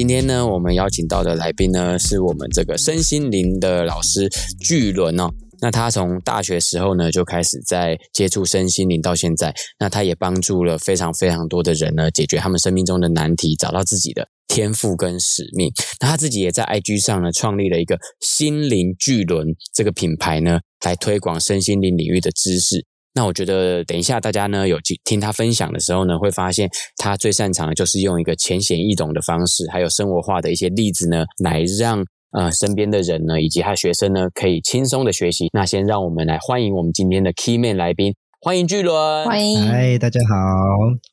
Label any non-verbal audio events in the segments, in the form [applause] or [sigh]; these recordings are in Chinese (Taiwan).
今天呢，我們邀請到的來賓呢，是我們這個身心靈的老師巨輪哦。那他從大學時候呢就開始在接觸身心靈，到現在，那他也幫助了非常非常多的人呢，解決他們生命中的難題，找到自己的天賦跟使命。那他自己也在 IG 上呢，創立了一個心靈巨輪這個品牌呢，來推廣身心靈領域的知識。那我覺得，等一下大家呢有去聽他分享的時候呢，會發現他最擅長的就是用一個淺顯易懂的方式，還有生活化的一些例子呢，來讓呃身邊的人呢，以及他學生呢，可以輕鬆的學習。那先讓我們來歡迎我們今天的 Keyman 來賓，歡迎巨輪，歡迎。嗨，大家好，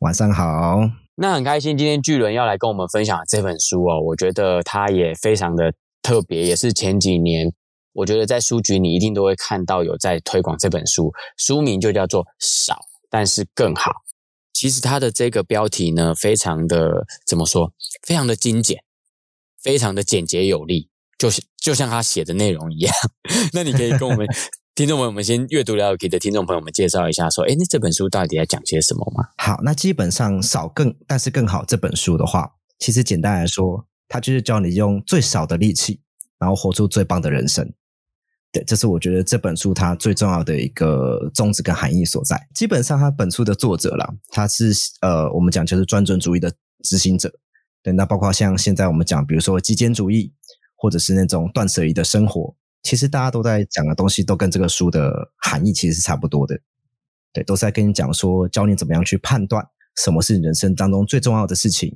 晚上好，那很開心今天巨輪要來跟我們分享這本書哦，我覺得它也非常的特別，也是前幾年。我覺得在書局，你一定都會看到有在推廣這本書，書名就叫做《少，但是更好》。其實它的這個標題呢，非常的怎麼說？非常的精簡，非常的簡潔有力，就是就像他寫的內容一樣。 [laughs] 那你可以跟我們 [laughs] 聽眾朋友們先閱讀聊樂 KEY 的聽眾朋友們介紹一下，說：誒，那這本書到底在講些什麼嗎？好，那基本上《少更，但是更好》這本書的話，其實簡單來說，它就是教你用最少的力氣，然後活出最棒的人生。對，這是我覺得這本書它最重要的一個宗旨跟含義所在。基本上，它本書的作者啦，他是呃，我們講就是專準主義的執行者。對，那包括像現在我們講，比如說極簡主義，或者是那種斷捨離的生活，其實大家都在講的東西都跟這個書的含義其實是差不多的。對，都是在跟你講說，教你怎麼樣去判斷什麼是人生當中最重要的事情。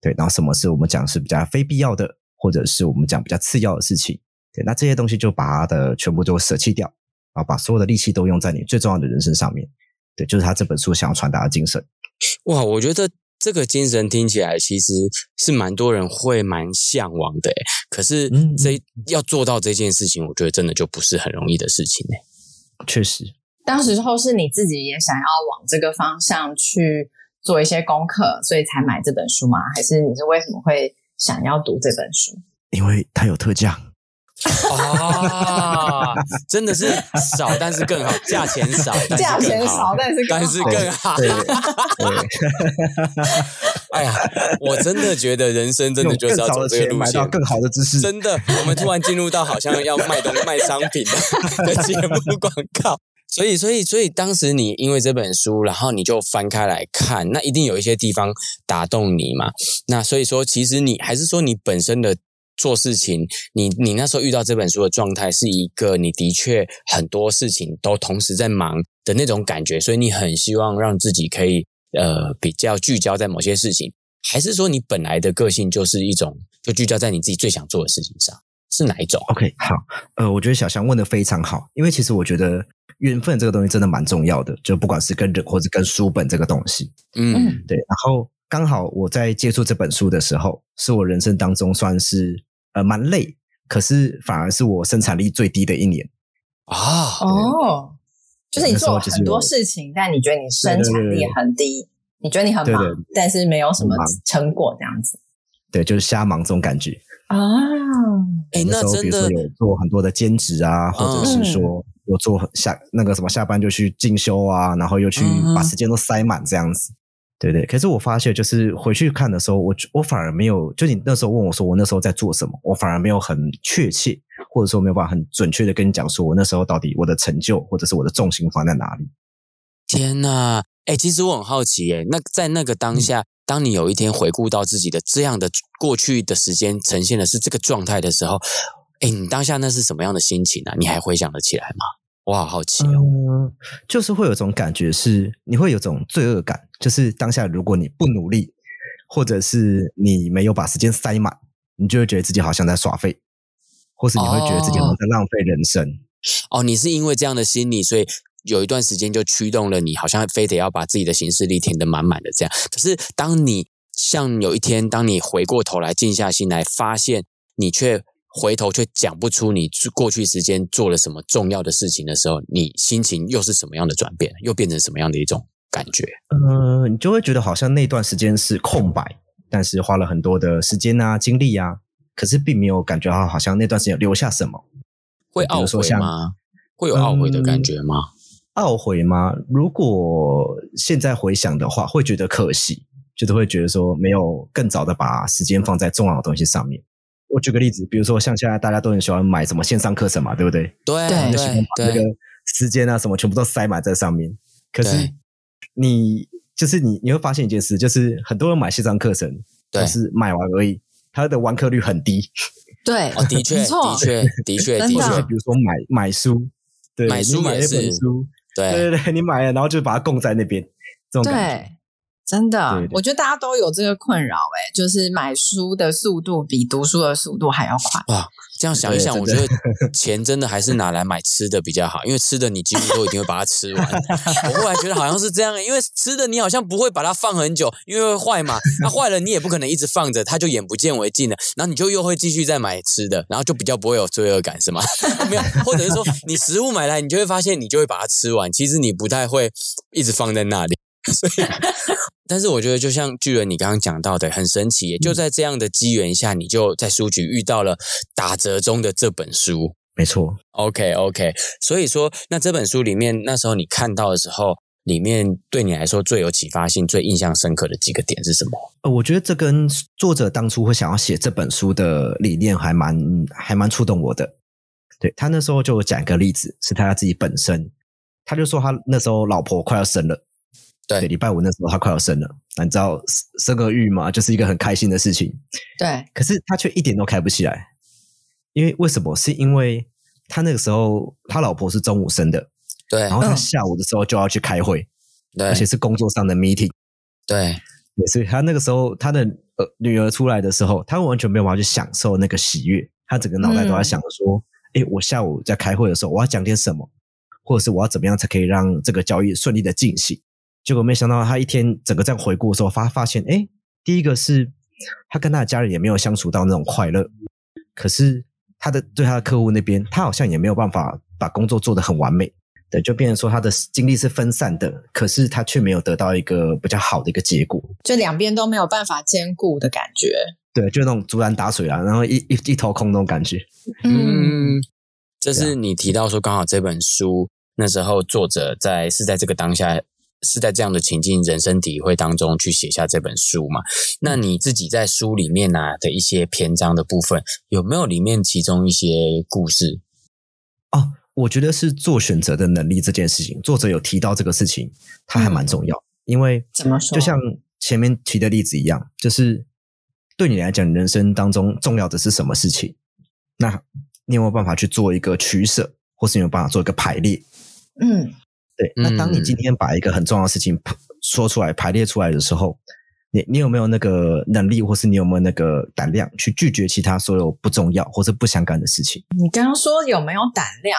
對，然後什麼是我們講是比較非必要的，或者是我們講比較次要的事情。對，那這些東西就把它的全部都捨棄掉啊，然後把所有的力氣都用在你最重要的人生上面。對，就是他這本書想要傳達的精神。哇，我覺得這個精神聽起來其實是蠻多人會蠻向往的。可是這、嗯、要做到這件事情，我覺得真的就不是很容易的事情呢。確實。當時候是你自己也想要往這個方向去做一些功課，所以才買這本書嗎？還是你是為什麼會想要讀這本書？因為它有特價。 [laughs] 啊，真的是少，但是少，但是少但是，但是更好，價錢少，價錢少，但是但是更好。哎呀，我真的覺得人生真的就是要走這個路線，買到更好的知識。真的，我們突然進入到好像要賣東賣商品的節目廣告。所以，所以，所以，所以當時你因為這本書，然後你就翻開來看，那一定有一些地方打動你嘛？那所以說，其實你還是說你本身的。做事情，你你那時候遇到這本書的狀態是一個，你的確很多事情都同時在忙的那種感覺，所以你很希望讓自己可以呃比較聚焦在某些事情，還是說你本來的個性就是一種就聚焦在你自己最想做的事情上，是哪一種？OK，好，呃，我覺得小翔問得非常好，因為其實我覺得緣分這個東西真的蠻重要的，就不管是跟人或者跟書本這個東西，嗯，對。然後剛好我在接觸這本書的時候，是我人生當中算是。呃，蠻累，可是反而是我生產力最低的一年啊、哦！哦，就是你做了很多事情，但你覺得你生產力很低，對對對對，你覺得你很忙，對對，但是沒有什麼成果，這樣子。對，就是瞎忙這種感覺啊、哦！那時候，誒那真的，比如說有做很多的兼職啊，嗯、或者是說有做下那個什麼下班就去進修啊，然後又去把時間都塞滿這樣子。嗯對對，可是我發現，就是回去看的時候我，我我反而沒有，就你那時候問我說，我那時候在做什麼，我反而沒有很確切，或者說沒有辦法很準確的跟你講，說我那時候到底我的成就或者是我的重心放在哪裡。天哪，哎、欸，其實我很好奇，耶，那在那個當下、嗯，當你有一天回顧到自己的這樣的過去的時間，呈現的是這個狀態的時候，哎、欸，你當下那是什麼樣的心情呢、啊？你還回想得起來嗎？我好好奇哦、嗯，就是會有種感覺是，是你會有種罪惡感，就是當下如果你不努力，或者是你沒有把時間塞滿，你就會覺得自己好像在耍廢，或是你會覺得自己好像在浪費人生哦。哦，你是因為這樣的心理，所以有一段時間就驅動了你，好像非得要把自己的行事曆填得滿滿的這樣。可是當你像有一天，當你回過頭來靜下心來，發現你卻。回頭卻講不出你過去時間做了什麼重要的事情的時候，你心情又是什麼樣的轉變？又變成什麼樣的一種感覺？嗯、呃，你就會覺得好像那段時間是空白，但是花了很多的時間啊、精力啊，可是並沒有感覺到好像那段時間留下什麼。會懊悔嗎？會有懊悔的感覺嗎？呃，懊悔嗎？如果現在回想的話，會覺得可惜，就是會覺得說沒有更早的把時間放在重要的東西上面。我舉個例子，比如說像現在大家都很喜歡買什麼線上課程嘛，對不對？對，你就喜歡把那個時間啊什麼全部都塞滿在上面。可是你就是你，你會發現一件事，就是很多人買線上課程，但是買完而已，他的完課率很低。對、 [laughs] 哦，的確。 [laughs] 對，的確，的確， [laughs] 的確，的確。比如說買買書，對，買書買一本書，對，對對，你買了然後就把它供在那邊，這種感覺。對真的，對對對對，我覺得大家都有這個困擾、欸，誒，就是買書的速度比讀書的速度還要快。哇，這樣想一想，我覺得錢真的還是拿來買吃的比較好，因為吃的你幾乎都一定會把它吃完。 [laughs] 我後來覺得好像是這樣、欸，因為吃的你好像不會把它放很久，因為會壞嘛。那壞了你也不可能一直放着，它就眼不見為淨了。然後你就又會繼續再買吃的，然後就比較不會有罪惡感，是嗎？ [laughs] 沒有，或者是說你食物買來，你就會發現你就會把它吃完，其實你不太會一直放在那裡。所以，但是我覺得，就像巨輪你剛剛講到的，很神奇，就在這樣的機緣下，你就在書局遇到了打折中的這本書。沒錯，OK OK。所以說，那這本書裡面，那時候你看到的時候，裡面對你來說最有啟發性、最印象深刻的幾個點是什麼？呃，我覺得這跟作者當初會想要寫這本書的理念還蠻、嗯、還蠻觸動我的。對，他那時候就講一個例子，是他自己本身，他就說他那時候老婆快要生了。對，禮拜五那時候他快要生了，你知道生個育嘛，就是一個很開心的事情。對，可是他卻一點都開不起來，因為為什麼？是因為他那個時候他老婆是中午生的，對，然後他下午的時候就要去開會，對，而且是工作上的 meeting，對，對，所以他那個時候他的呃女兒出來的時候，他完全沒有辦法去享受那個喜悅，他整個腦袋都在想說，誒、嗯欸，我下午在開會的時候我要講點什麼，或者是我要怎麼樣才可以讓這個交易順利的進行。結果沒想到，他一天整個在回顧的時候，發發現，誒、欸、第一個是，他跟他的家人也沒有相處到那種快樂，可是他的對他的客戶那邊，他好像也沒有辦法把工作做得很完美，對，就變成說他的精力是分散的，可是他卻沒有得到一個比較好的一個結果，就兩邊都沒有辦法兼顧的感覺，對，就那種竹籃打水啊，然後一一一頭空的那種感覺，嗯，這是你提到說剛好這本書那時候作者在是在這個當下。是在這樣的情境、人生體會當中去寫下這本書嗎？那你自己在書裡面啊的一些篇章的部分，有沒有裡面其中一些故事？哦，我覺得是做選擇的能力這件事情，作者有提到這個事情，它還蠻重要。嗯、因為怎麼說？就像前面提的例子一樣，就是對你來講，人生當中重要的是什麼事情？那你有沒有辦法去做一個取捨，或是你有，有辦法做一個排列？嗯。對，那當你今天把一個很重要的事情說出來、嗯、排列出來的時候，你你有沒有那個能力，或是你有沒有那個膽量去拒絕其他所有不重要或者不相干的事情？你剛剛說有沒有膽量，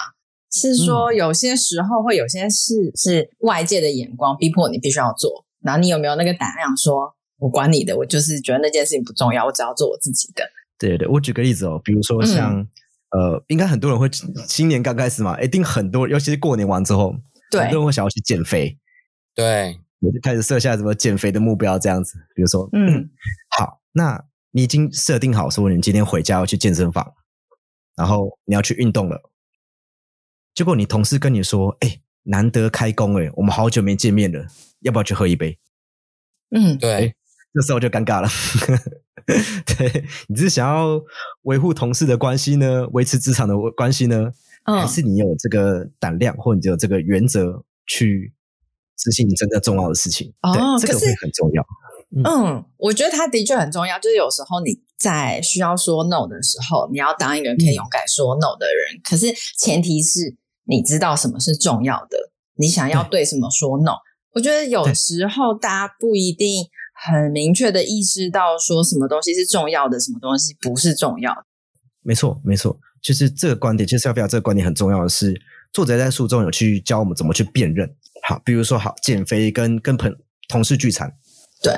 是說有些時候會有些事是外界的眼光逼迫你必須要做，然後你有沒有那個膽量說“我管你的，我就是覺得那件事情不重要，我只要做我自己的？”對對對，我舉個例子哦，比如說像、嗯、呃，應該很多人會新年剛開始嘛，一定很多，尤其是過年完之後。很多人會想要去減肥，對，我就開始設下什麼減肥的目標這樣子。比如說，嗯，好，那你已經設定好說，你今天回家要去健身房，然後你要去運動了。結果你同事跟你說：“欸，難得開工欸，我們好久沒見面了，要不要去喝一杯？”嗯，對，這時候就尷尬了。 [laughs] 對你是想要維護同事的關係呢，維持職場的關係呢？可是你有這個膽量，嗯、或你有這個原則，去執行你真正重要的事情。哦，這個會很重要嗯。嗯，我覺得它的確很重要。就是有時候你在需要說 no 的時候，你要當一個人可以勇敢說 no 的人。嗯、可是前提是，你知道什麼是重要的，嗯、你想要對什麼說 no。我覺得有時候大家不一定很明確的意識到，說什麼東西是重要的，什麼東西不是重要的。沒錯，沒錯，其實這個觀點，其實要表達這個觀點很重要的是，作者在書中有去教我們怎麼去辨認。好，比如說好，好減肥跟跟朋同事聚餐，對，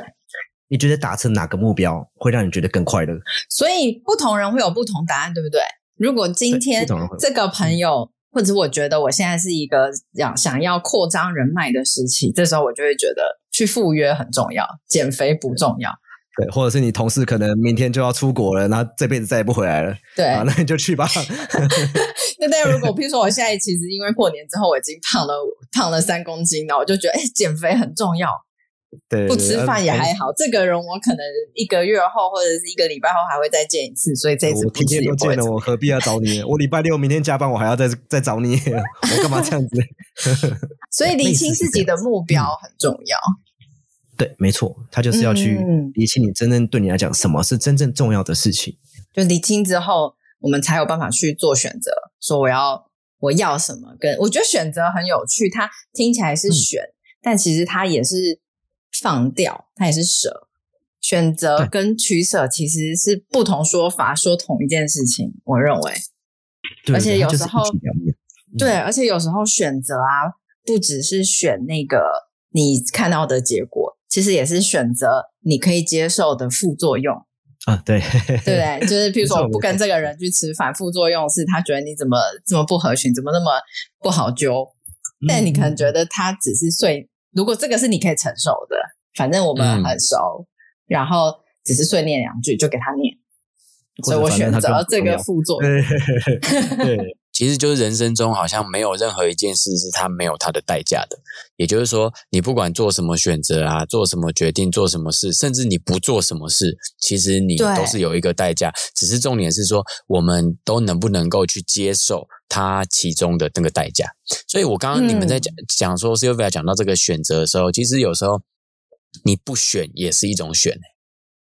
你覺得達成哪個目標會讓你覺得更快樂？所以不同人會有不同答案，對不對？如果今天這個朋友，或者我覺得我現在是一個要想要擴張人脈的時期，這時候我就會覺得去赴約很重要，減肥不重要。對，或者是你同事可能明天就要出國了，那這輩子再也不回來了。對，啊、那你就去吧。那 [laughs] [laughs] 但如果譬如說我現在其實因為過年之後我已經胖了 [laughs] 胖了三公斤了，我就覺得哎，減肥很重要。對，不吃飯也還好、啊。這個人我可能一個月後或者是一個禮拜後還會再見一次，所以這次我天天都見了，我何必要找你？ [laughs] 我禮拜六明天加班，我還要再再找你，我幹嘛這樣子？ [laughs] [laughs] 所以釐清自己的目標很重要。嗯對，沒錯，他就是要去理清你真正對你來講什麼是真正重要的事情，嗯。就理清之後，我們才有辦法去做選擇，說我要我要什麼？跟我覺得選擇很有趣，它聽起來是選，嗯，但其實它也是放掉，它也是捨。選擇跟取捨其實是不同說法，說同一件事情，我認為，對，而且有時候，嗯，對，而且有時候選擇啊，不只是選那個你看到的結果。其實也是選擇你可以接受的副作用啊，對對不對？就是譬如說，我不跟這個人去吃飯副作用，是他覺得你怎麼這麼不合群，怎麼那麼不好揪、嗯？但你可能覺得他只是碎，如果這個是你可以承受的，反正我們很熟，嗯、然後只是碎念兩句就給他念，所以我選擇這個副作用。對。 [laughs] 其實就是人生中好像沒有任何一件事是它沒有它的代價的，也就是說，你不管做什麼選擇啊，做什麼決定，做什麼事，甚至你不做什麼事，其實你都是有一個代價。只是重點是說，我們都能不能夠去接受它其中的那個代價？所以我剛剛你們在講、嗯、講說，Sylvia 講到這個選擇的時候，其實有時候你不選也是一種選，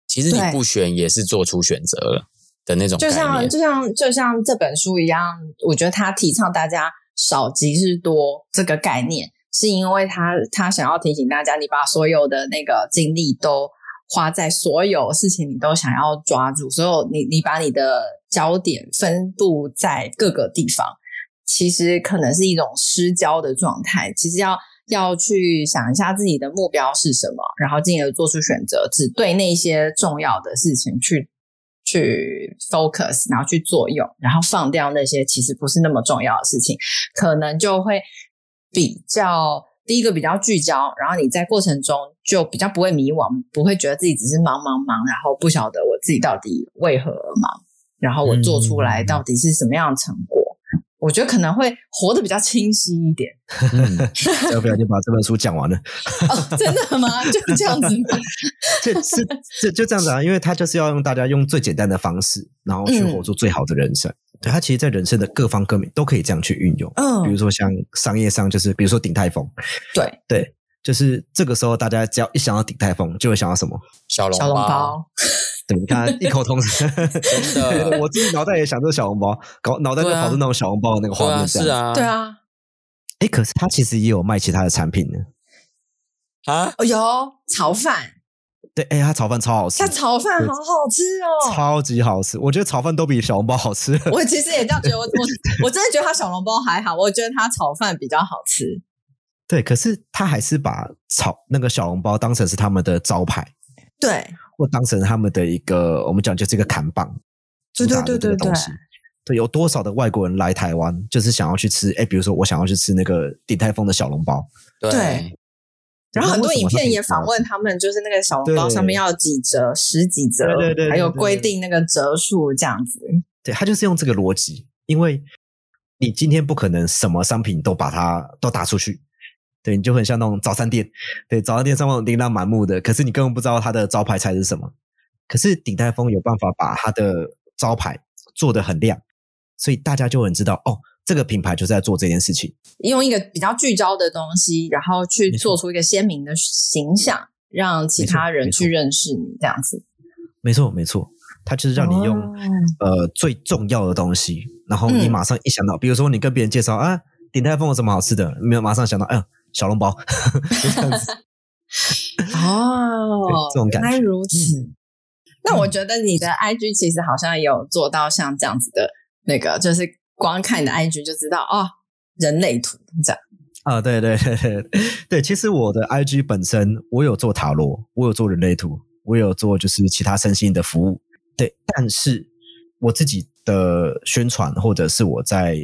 其實你不選也是做出選擇了。的那種就像，就像就像就像這本書一樣，我覺得他提倡大家少即是多這個概念，是因為他他想要提醒大家，你把所有的那個精力都花在所有事情，你都想要抓住，所有你你把你的焦點分佈在各個地方，其實可能是一種失焦的狀態。其實要要去想一下自己的目標是什麼，然後進而做出選擇，只對那些重要的事情去。去 focus，然後去作用，然後放掉那些其實不是那麼重要的事情，可能就會比較第一個比較聚焦，然後你在過程中就比較不會迷惘，不會覺得自己只是忙忙忙，然後不曉得我自己到底為何而忙，然後我做出來到底是什麼樣的成果。嗯嗯嗯嗯我覺得可能會活得比較清晰一點。嗯、 [laughs] 我不要不然就把這本書講完了、 [laughs] 哦。真的嗎？就這樣子？這、 [laughs] 是、這、就這樣子啊？ [laughs] 因為他就是要用大家用最簡單的方式，然後去活出最好的人生。嗯、對他，它其實，在人生的各方各面都可以這樣去運用。嗯、哦，比如說像商業上，就是比如說鼎泰豐。對對，就是這個時候，大家只要一想到鼎泰豐，就會想到什麼？小籠小籠包。對，你看，異口同聲。 [laughs] 真的， [laughs] 我自己腦袋也想做小籠包，搞腦袋就跑出那種小籠包的那個畫面。是啊，對啊。哎、啊，可是他其實也有賣其他的產品的。啊？有、哦、炒飯。對，哎，他炒飯超好吃。他炒飯好好吃哦，超級好吃。我覺得炒飯都比小籠包好吃。我其實也這樣覺得我，我我我真的覺得他小籠包還好，我覺得他炒飯比較好吃。對，可是他還是把炒那個小籠包當成是他們的招牌。對。或當成他們的一個，我們講就這個看板個，對對對對對，對。對，有多少的外國人來台灣，就是想要去吃，哎、欸，比如說我想要去吃那個鼎泰豐的小籠包，對。然後很多影片也訪問他們，就是那個小籠包上面要幾折，十幾折，還有規定那個折數這樣子。對，他就是用這個邏輯，因為你今天不可能什麼商品都把它都打出去。對，你就很像那種早餐店，對，早餐店上面琳琅滿目的，可是你根本不知道它的招牌菜是什麼。可是鼎泰豐有辦法把它的招牌做得很亮，所以大家就很知道，哦，這個品牌就是在做這件事情。用一個比較聚焦的東西，然後去做出一個鮮明的形象，讓其他人去認識你，這樣子。沒錯，沒錯，他就是讓你用、哦、呃最重要的東西，然後你馬上一想到，嗯、比如說你跟別人介紹啊，鼎泰豐有什麼好吃的，沒有馬上想到，啊小籠包 [laughs] 就這樣子 [laughs] 哦，哦， [laughs] 原來如此。那我覺得你的 IG 其實好像有做到像這樣子的那個，就是光看你的 IG 就知道哦，人類圖這樣啊、哦。對對對對，其實我的 IG 本身我有做塔羅，我有做人類圖，我有做就是其他身心的服務。對，但是我自己的宣傳或者是我在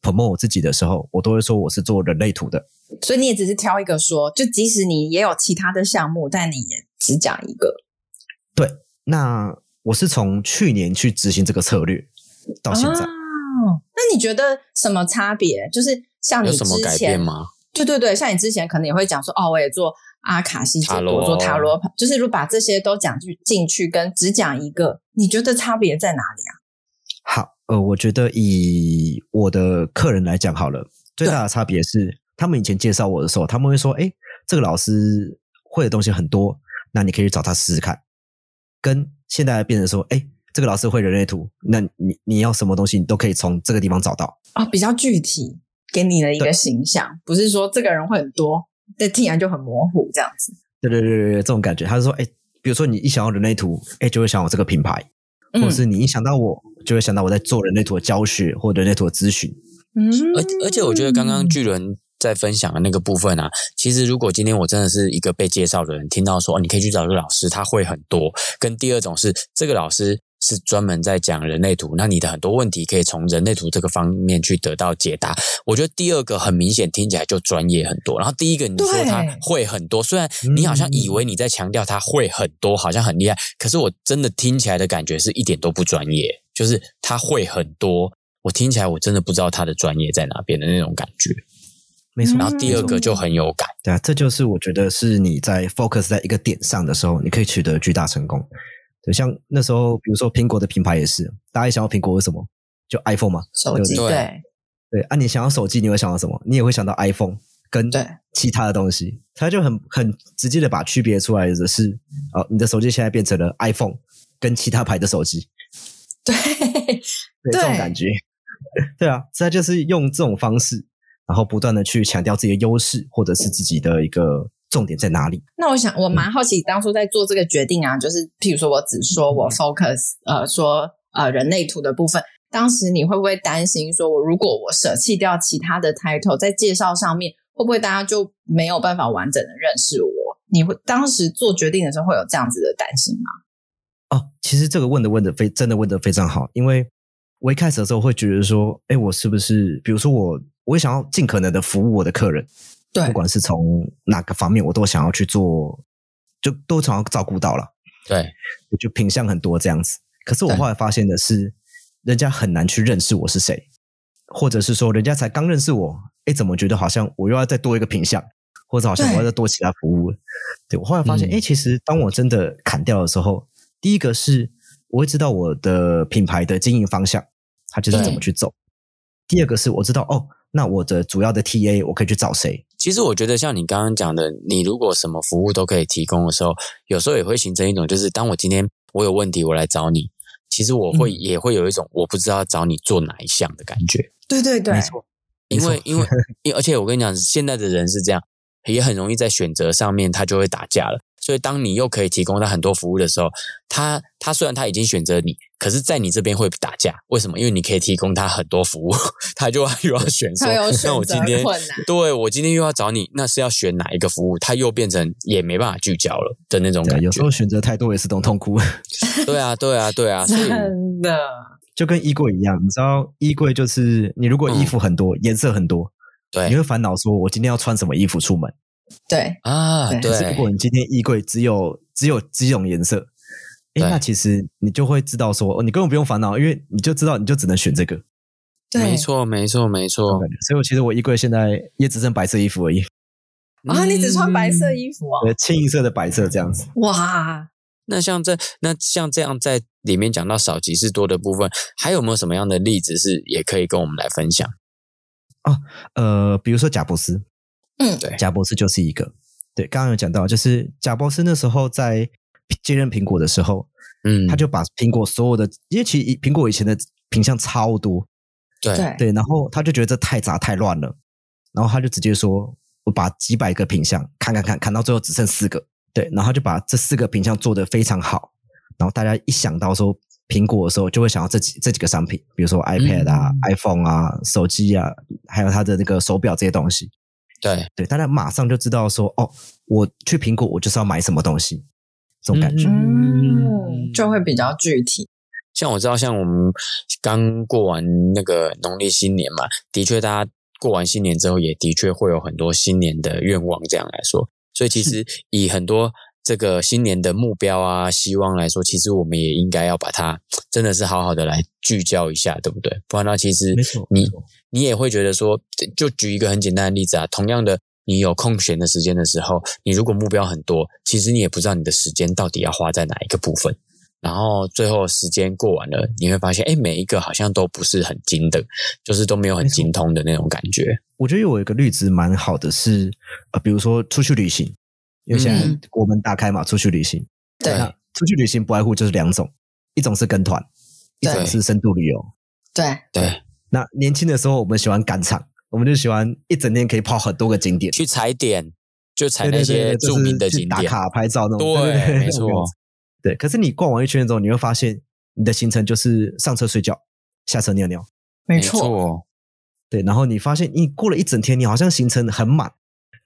promote 我自己的時候，我都會說我是做人類圖的。所以你也只是挑一個說，就即使你也有其他的項目，但你也只講一個。對，那我是從去年去執行這個策略到現在。啊，那你覺得什麼差別？就是像你之前有什麼改變嗎？對對對，像你之前可能也會講說，哦，我也做阿卡西、塔羅，我做塔羅，就是如果把這些都講進去，跟只講一個，你覺得差別在哪裡啊？好，呃，我覺得以我的客人來講好了，最大的差別是。他們以前介紹我的時候，他們會說：“哎、欸，這個老師會的東西很多，那你可以去找他試試看。”跟現在變成說：“哎、欸，這個老師會人類圖，那你你要什麼東西，你都可以從這個地方找到。哦”啊，比較具體給你的一個形象，不是說這個人會很多，那竟然就很模糊，這樣子。對對對對這種感覺。他是說：“哎、欸，比如說你一想到人類圖，哎、欸，就會想我這個品牌、嗯；，或是你一想到我，就會想到我在做人類圖的教學，或人類圖的諮詢。”嗯，而而且我覺得剛剛巨輪。在分享的那個部分啊，其實如果今天我真的是一個被介紹的人，聽到說，哦，你可以去找一個老師，他會很多。跟第二種是這個老師是專門在講人類圖，那你的很多問題可以從人類圖這個方面去得到解答。我覺得第二個很明顯聽起來就專業很多，然後第一個你說他會很多，雖然你好像以為你在強調他會很多，嗯，好像很厲害，可是我真的聽起來的感覺是一點都不專業，就是他會很多，我聽起來我真的不知道他的專業在哪邊的那種感覺。沒錯，然後第二個就很有感，對啊，這就是我覺得是你在 focus 在一個點上的時候，你可以取得巨大成功。對，像那時候，比如說蘋果的品牌也是，大家想要蘋果是什麼？就 iPhone 嘛？手機？對。對，對啊，你想要手機，你會想到什麼？你也會想到 iPhone 跟其他的東西。它就很很直接的把區別出來的是，哦，你的手機現在變成了 iPhone 跟其他牌的手機。對，對這種感覺，對， [laughs] 對啊，所以就是用這種方式。然後不斷的去強調自己的優勢，或者是自己的一個重點在哪裡。那我想我蠻好奇，當初在做這個決定啊、嗯，就是譬如說我只說我 focus、嗯、呃說呃人類圖的部分，當時你會不會擔心說我如果我捨棄掉其他的 title 在介紹上面，會不會大家就沒有辦法完整的認識我？你會當時做決定的時候會有這樣子的擔心嗎？哦，其實這個問的問的非真的問的非常好，因為。我一開始的時候會覺得說，哎、欸，我是不是，比如說我，我也想要盡可能的服務我的客人，對，不管是從哪個方面，我都想要去做，就都想要照顧到了，對，我就品項很多這樣子。可是我後來發現的是，人家很難去認識我是誰，或者是說人家才剛認識我，哎、欸，怎麼覺得好像我又要再多一個品項，或者好像我要再多其他服務。對，對，我後來發現，哎，嗯，欸，其實當我真的砍掉的時候，第一個是。我會知道我的品牌的經營方向，它就是怎麼去走。第二個是我知道哦，那我的主要的 TA 我可以去找誰。其實我覺得像你剛剛講的，你如果什麼服務都可以提供的時候，有時候也會形成一種，就是當我今天我有問題我來找你，其實我會也會有一種我不知道找你做哪一項的感覺。嗯、對對對，沒錯。沒錯。因為，因為，而且我跟你講，現在的人是這樣，也很容易在選擇上面他就會打架了。所以，當你又可以提供他很多服務的時候，他他雖然他已經選擇你，可是在你這邊會打架。為什麼？因為你可以提供他很多服務，他就又要選。他有選擇困難。那我今天，對，我今天又要找你，那是要選哪一個服務？他又變成也沒辦法聚焦了的那種感覺。對啊，有時候選擇太多也是種痛苦。對啊，對啊，對啊， [laughs] 真的就跟衣櫃一樣，你知道，衣櫃就是你如果衣服很多、嗯，顏色很多，對，你會煩惱說我今天要穿什麼衣服出門。對啊，對。可是如果你今天衣櫃只有只有幾種顏色，那其實你就會知道說，哦，你根本不用煩惱，因為你就知道，你就只能選這個。對，沒錯，沒錯，沒錯。所以我其實我衣櫃現在也只剩白色衣服而已。啊，嗯、你只穿白色衣服啊、哦？對，清一色的白色這樣子。哇，那像這那像這樣在裡面講到少即是多的部分，還有沒有什麼樣的例子是也可以跟我們來分享？啊、哦，呃，比如說賈布斯。嗯，對，賈伯斯就是一個。對，剛剛有講到，就是賈伯斯那時候在接任蘋果的時候，嗯，他就把蘋果所有的，因為其實蘋果以前的品項超多，對對，然後他就覺得這太雜太亂了，然後他就直接說，我把幾百個品項砍砍砍，砍到最後只剩四個，對，然後他就把這四個品項做得非常好，然後大家一想到說蘋果的時候，就會想到這幾這幾個商品，比如說 iPad 啊、嗯、iPhone 啊、手機啊，還有他的那個手錶這些東西。對對，大家馬上就知道說，哦，我去蘋果，我就是要買什麼東西，這種感覺，嗯，就會比較具體。像我知道，像我們剛過完那個農曆新年嘛，的確，大家過完新年之後，也的確會有很多新年的願望。這樣來說，所以其實以很多。 [laughs] 這個新年的目標啊，希望來說，其實我們也應該要把它真的是好好的來聚焦一下，對不對？不然呢，其實你你也會覺得說，就舉一個很簡單的例子啊，同樣的，你有空閒的時間的時候，你如果目標很多，其實你也不知道你的時間到底要花在哪一個部分，然後最後時間過完了，你會發現，哎，每一個好像都不是很精的，就是都沒有很精通的那種感覺。我覺得有一個例子蠻好的是，呃，比如說出去旅行。因為現在國門大開嘛、嗯，出去旅行。對。對啊、出去旅行不外乎就是兩種，一種是跟團，一種是深度旅遊。對、啊。對。那年輕的時候，我們喜歡趕場，我們就喜歡一整天可以跑很多個景點，去踩點，就踩那些著名的景點，對對對就是、打卡拍照那種。對，對對對沒錯。 [laughs] 對，可是你逛完一圈之後，你會發現你的行程就是上車睡覺，下車尿尿。沒錯。對，然後你發現你過了一整天，你好像行程很滿。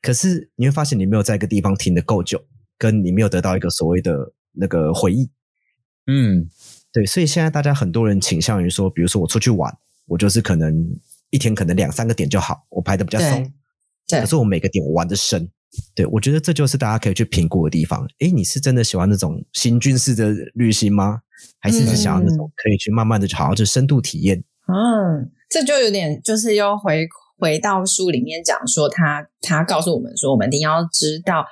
可是你會發現，你沒有在一個地方停的夠久，跟你沒有得到一個所謂的那個回憶。嗯，對。所以現在大家很多人傾向於說，比如說我出去玩，我就是可能一天可能兩三個點就好，我排的比較鬆。對。可是我每個點我玩的深對。對。我覺得這就是大家可以去評估的地方。哎，你是真的喜歡那種行軍式的旅行嗎？還是是想要那種可以去慢慢的玩，嗯、好像就深度體驗？嗯、啊，這就有點就是要回。回到書裡面講說，他他他告訴我們說，我們一定要知道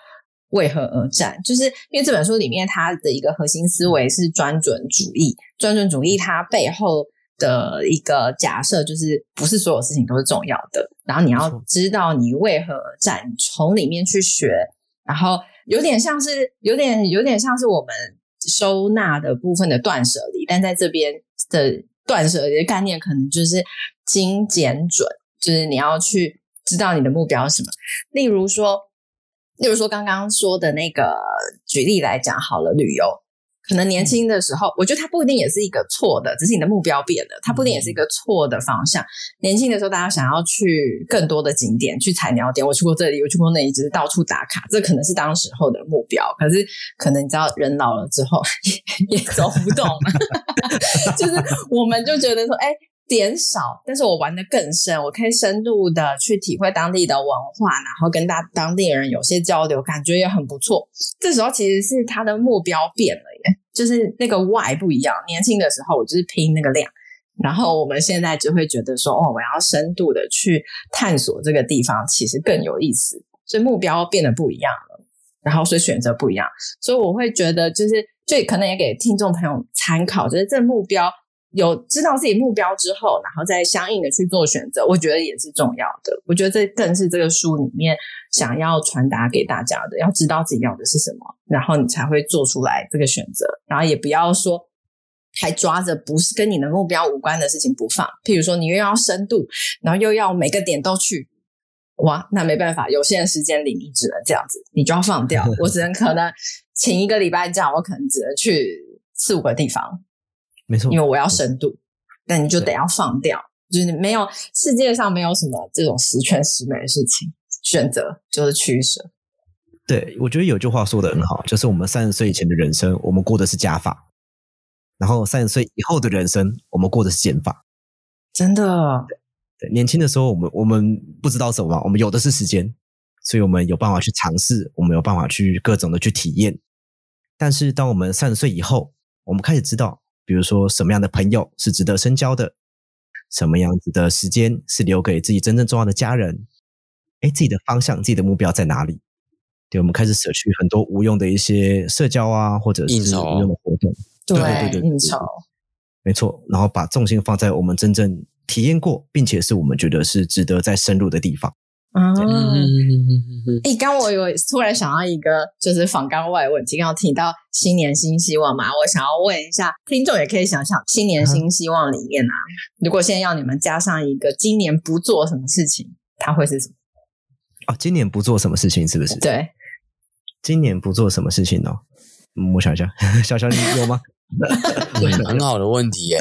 為何而戰，就是因為這本書裡面它的一個核心思維是專準主義。專準主義它背後的一個假設就是，不是所有事情都是重要的。然後你要知道你為何而戰，從裡面去學。然後有點像是，有點有點像是我們收納的部分的斷捨離，但在這邊的斷捨離的概念，可能就是精簡準。就是你要去知道你的目標是什麼，例如說，例如說剛剛說的那個舉例來講好了，旅遊可能年輕的時候、嗯，我覺得它不一定也是一個錯的，只是你的目標變了，它不一定也是一個錯的方向。嗯、年輕的時候，大家想要去更多的景點，去踩鳥點，我去過這裡，我去過那裡，只、就是到處打卡，這可能是當時候的目標。可是可能你知道，人老了之後也，也走不動了， [laughs] [laughs] 就是我們就覺得說，哎、欸。點少，但是我玩得更深，我可以深度的去體會當地的文化，然後跟大當地人有些交流，感覺也很不錯。這時候其實是他的目標變了耶，就是那個 why 不一樣。年輕的時候我就是拼那個量，然後我們現在就會覺得說，哦，我要深度的去探索這個地方，其實更有意思，所以目標變得不一樣了，然後所以選擇不一樣，所以我會覺得就是，就可能也給聽眾朋友參考，就是這個目標。有知道自己目標之後，然後再相應的去做選擇，我覺得也是重要的。我覺得這更是這個書裡面想要傳達給大家的：要知道自己要的是什麼，然後你才會做出來這個選擇。然後也不要說還抓着不是跟你的目標無關的事情不放。譬如說，你又要深度，然後又要每個點都去，哇，那沒辦法，有限的時間裡你只能這樣子，你就要放掉。我只能可能請一個禮拜假，我可能只能去四五個地方。沒錯，因為我要深度，嗯，但你就得要放掉，就是沒有世界上沒有什麼這種十全十美的事情，選擇就是取捨。對，我覺得有句話說的很好，就是我們三十歲以前的人生，我們過的是加法，然後三十歲以後的人生，我們過的是減法。真的，對，對，年輕的時候，我們我們不知道什麼，我們有的是時間，所以我們有辦法去嘗試，我們有辦法去各種的去體驗。但是，當我們三十歲以後，我們開始知道。比如說，什麼樣的朋友是值得深交的？什麼樣子的時間是留給自己真正重要的家人？哎，自己的方向、自己的目標在哪裡？對，我們開始捨去很多無用的一些社交啊，或者是無用的活動。對對對，應酬，沒錯。然後把重心放在我們真正體驗過，並且是我們覺得是值得再深入的地方。嗯、哦、嗯，剛我有突然想到一個，就是訪綱外的問題。剛提到新年新希望嘛，我想要問一下聽眾，也可以想想新年新希望裡面啊，如果現在要你們加上一個今年不做什麼事情，它會是什麼？哦，今年不做什麼事情是不是？對，今年不做什麼事情哦？嗯，我想一下，小小你有嗎？很 [laughs] 好的問題耶。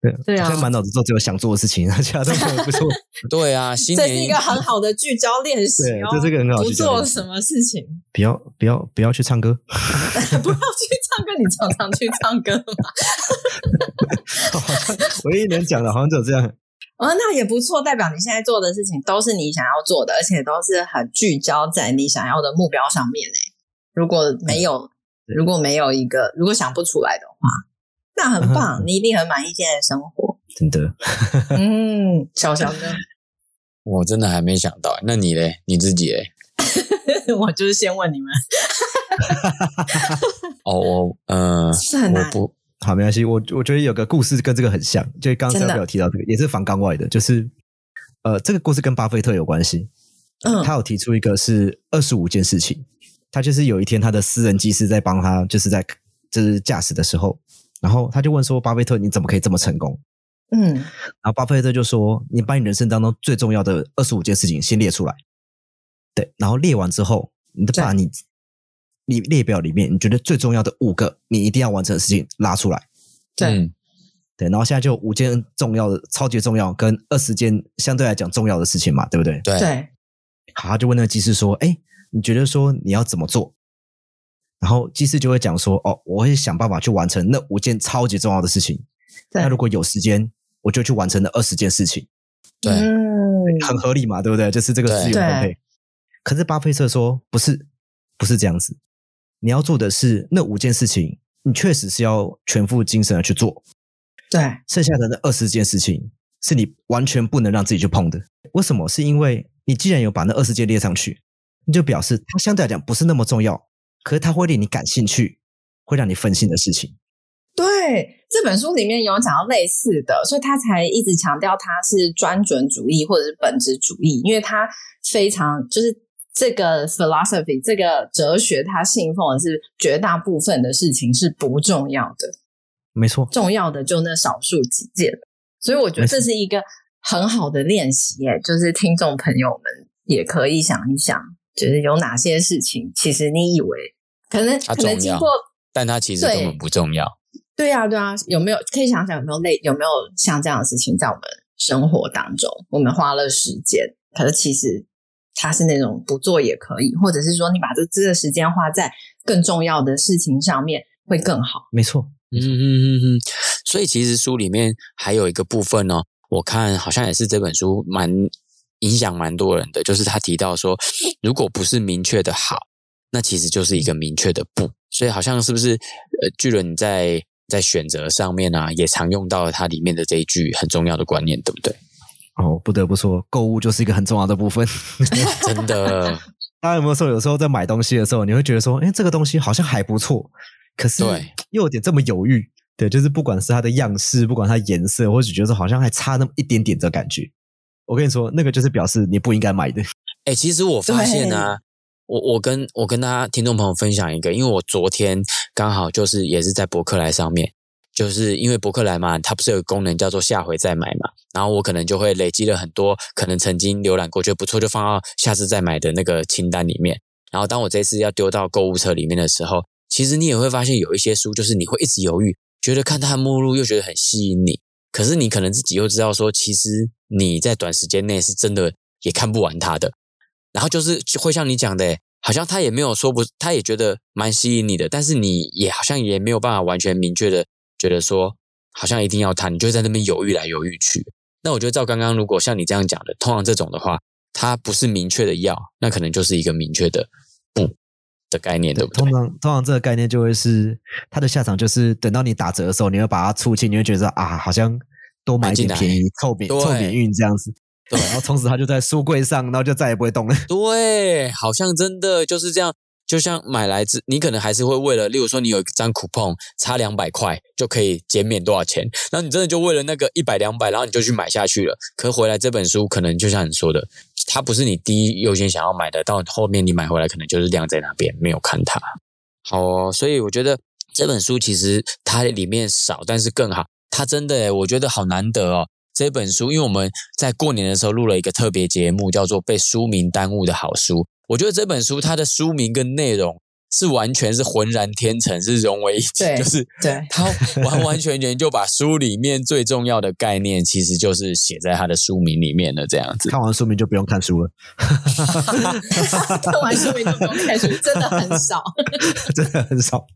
對，對啊、現在滿腦子做只有想做的事情，其他、啊、都不錯。 [laughs] 對啊，這是一個很好的聚焦練習。對，這是個很好聚焦。不做什麼事情，不要不要不要去唱歌， [laughs] [laughs] 不要去唱歌。你常常去唱歌嗎？唯 [laughs] [laughs] 一能講的，好像就這樣。哦、oh,，那也不錯，代表你現在做的事情都是你想要做的，而且都是很聚焦在你想要的目標上面呢。如果沒有，如果沒有一個，如果想不出來的話。 [noise] 那很棒、嗯，你一定很滿意現在的生活，真的。嗯，小小的，我真的還沒想到、欸。那你嘞？你自己嘞？ [laughs] 我就是先問你們。哦，我呃，是很難。我不，好，沒關係。我我覺得有個故事跟這個很像，就剛剛要不要提到這個？也是訪綱外的，就是呃，這個故事跟巴菲特有關係。嗯、呃，他有提出一個是二十五件事情，他就是有一天他的私人機師在幫他，就是在就是駕駛的時候。然後他就問說：“巴菲特，你怎麼可以這麼成功？”嗯，然後巴菲特就說：“你把你人生當中最重要的二十五件事情先列出來，對，然後列完之後，你再把你你列表裡面你覺得最重要的五個你一定要完成的事情拉出來，對。嗯、對，然後現在就五件重要的、超級重要跟二十件相對來講重要的事情嘛，對不對？對，好，他就問那個機師說：‘哎，你覺得說你要怎麼做？’”然後，機師就會講說：“哦，我會想辦法去完成那五件超級重要的事情。對，那如果有時間，我就去完成那二十件事情。對”對、嗯，很合理嘛，對不對？就是這個時間分配。可是巴菲特說：“不是，不是這樣子。你要做的是那五件事情，你確實是要全副精神的去做。對，剩下的那二十件事情，是你完全不能讓自己去碰的。為什麼？是因為你既然有把那二十件列上去，那就表示它相對來講不是那麼重要。”可是他會令你感興趣，會讓你分心的事情。對，這本書裡面有講到類似的，所以他才一直強調他是專準主義或者是本質主義，因為他非常就是這個 philosophy 這個哲學，他信奉的是絕大部分的事情是不重要的，沒錯，重要的就那少數幾件。所以我覺得這是一個很好的練習欸，就是聽眾朋友們也可以想一想，就是有哪些事情，其實你以為。可能它重要可能經過，但它其實根本不重要。對，對啊對啊，有沒有可以想想有沒有類有沒有像這樣的事情在我們生活當中，我們花了時間，可是其實它是那種不做也可以，或者是說你把這這個時間花在更重要的事情上面會更好。沒錯，嗯嗯嗯嗯，所以其實書裡面還有一個部分哦，我看好像也是這本書蠻影響蠻多人的，就是他提到說，如果不是明確的好。 [laughs] 那其實就是一個明確的不，所以好像是不是？呃，巨輪在在選擇上面啊，也常用到了它裡面的這一句很重要的觀念，對不對？哦，不得不說，購物就是一個很重要的部分。 [laughs] [laughs] 真的，大家有沒有說，有時候在買東西的時候，你會覺得說，哎，這個東西好像還不錯，可是對又有點這麼猶豫，對，就是不管是它的樣式，不管它的顏色，或者覺得好像還差那麼一點點的感覺。我跟你說，那個就是表示你不應該買的。哎，其實我發現呢、啊。我我跟我跟大家聽眾朋友分享一個，因為我昨天剛好就是也是在博客來上面，就是因為博客來嘛，它不是有個功能叫做下回再買嘛，然後我可能就會累積了很多，可能曾經瀏覽過覺得不錯，就放到下次再買的那個清單裡面。然後當我這次要丟到購物車裡面的時候，其實你也會發現有一些書，就是你會一直猶豫，覺得看它的目錄又覺得很吸引你，可是你可能自己又知道說，其實你在短時間內是真的也看不完它的。然後就是會像你講的誒，好像他也沒有說不，他也覺得蠻吸引你的，但是你也好像也沒有辦法完全明確的覺得說，好像一定要他，你就會在那邊猶豫來猶豫去。那我覺得照剛剛如果像你這樣講的，通常這種的話，他不是明確的要，那可能就是一個明確的不的概念，對，對不對？通常通常這個概念就會是他的下場，就是等到你打折的時候，你會把它出清，你會覺得啊，好像都蠻便宜，都蠻便宜這樣子。對，然後從此他就在書櫃上，然後就再也不會動了。 [laughs] 對，好像真的就是這樣。就像買來之，你可能還是會為了，例如說你有一張 coupon，差兩百塊就可以減免多少錢，那你真的就為了那個一百兩百，然後你就去買下去了。可回來這本書，可能就像你說的，它不是你第一優先想要買的，到後面你買回來可能就是晾在那邊，沒有看它。好、哦，所以我覺得這本書其實它裡面少，但是更好。它真的誒，我覺得好難得哦。這本書，因為我們在過年的時候錄了一個特別節目，叫做《被書名耽誤的好書》。我覺得這本書它的書名跟內容是完全是渾然天成，是融為一體，就是對，它完完全全就把書裡面最重要的概念，其實就是寫在它的書名裡面了，這樣子。看完書名就不用看書了， [laughs] [laughs] 看完書名就不用看書，真的很少， [laughs] 真的很少， [laughs]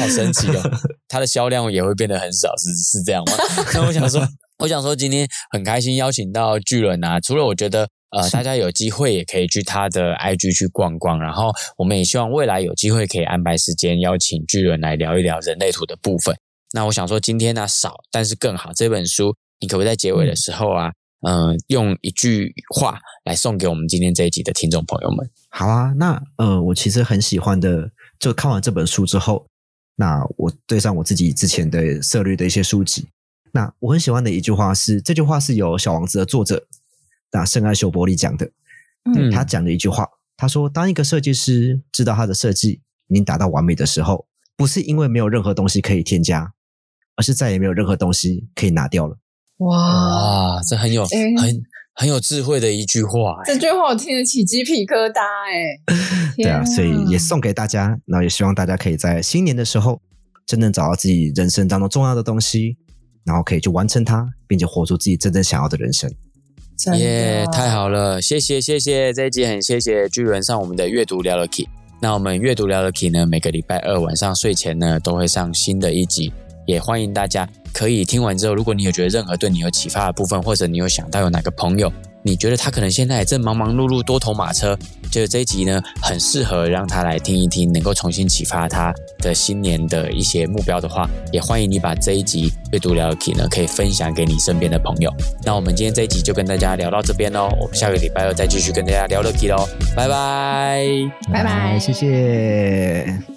好神奇哦！它的銷量也會變得很少，是是這樣嗎？ [laughs] 那我想說。我想說，今天很開心邀請到巨輪吶、啊。除了我覺得，呃，大家有機會也可以去他的 IG 去逛逛。然後，我們也希望未來有機會可以安排時間邀請巨輪來聊一聊人類圖的部分。那我想說，今天呢、啊、少，但是更好。這本書，你可不可以在結尾的時候啊，嗯、呃，用一句話來送給我們今天這一集的聽眾朋友們？好啊，那呃，我其實很喜歡的，就看完這本書之後，那我對上我自己之前的涉獵的一些書籍。那我很喜歡的一句話是，這句話是由《小王子》的作者那聖艾修伯里講的。嗯，他講的一句話，他說：“當一個設計師知道他的設計已經達到完美的時候，不是因為沒有任何東西可以添加，而是再也沒有任何東西可以拿掉了。”哇，哇，這很有，欸，很很有智慧的一句話欸。這句話我聽得起雞皮疙瘩哎，天啊。對啊，所以也送給大家，那也希望大家可以在新年的時候，真正找到自己人生當中重要的東西。然後可以去完成它，並且活出自己真正想要的人生。耶，yeah, 太好了，謝謝謝謝。這一集很謝謝巨輪上我們的閱讀聊樂 KEY。那我們閱讀聊樂 KEY 呢，每個禮拜二晚上睡前呢，都會上新的一集。也歡迎大家可以聽完之後，如果你有覺得任何對你有啟發的部分，或者你有想到有哪個朋友。你覺得他可能現在正忙忙碌碌碌多頭馬車，覺得這一集呢很適合讓他來聽一聽，能夠重新啟發他的新年的一些目標的話，也歡迎你把這一集閱讀聊樂 KEY 呢可以分享給你身邊的朋友。那我們今天這一集就跟大家聊到這邊嘍，我們下個禮拜二再繼續跟大家聊樂 KEY 嘍，拜拜，拜拜，謝謝。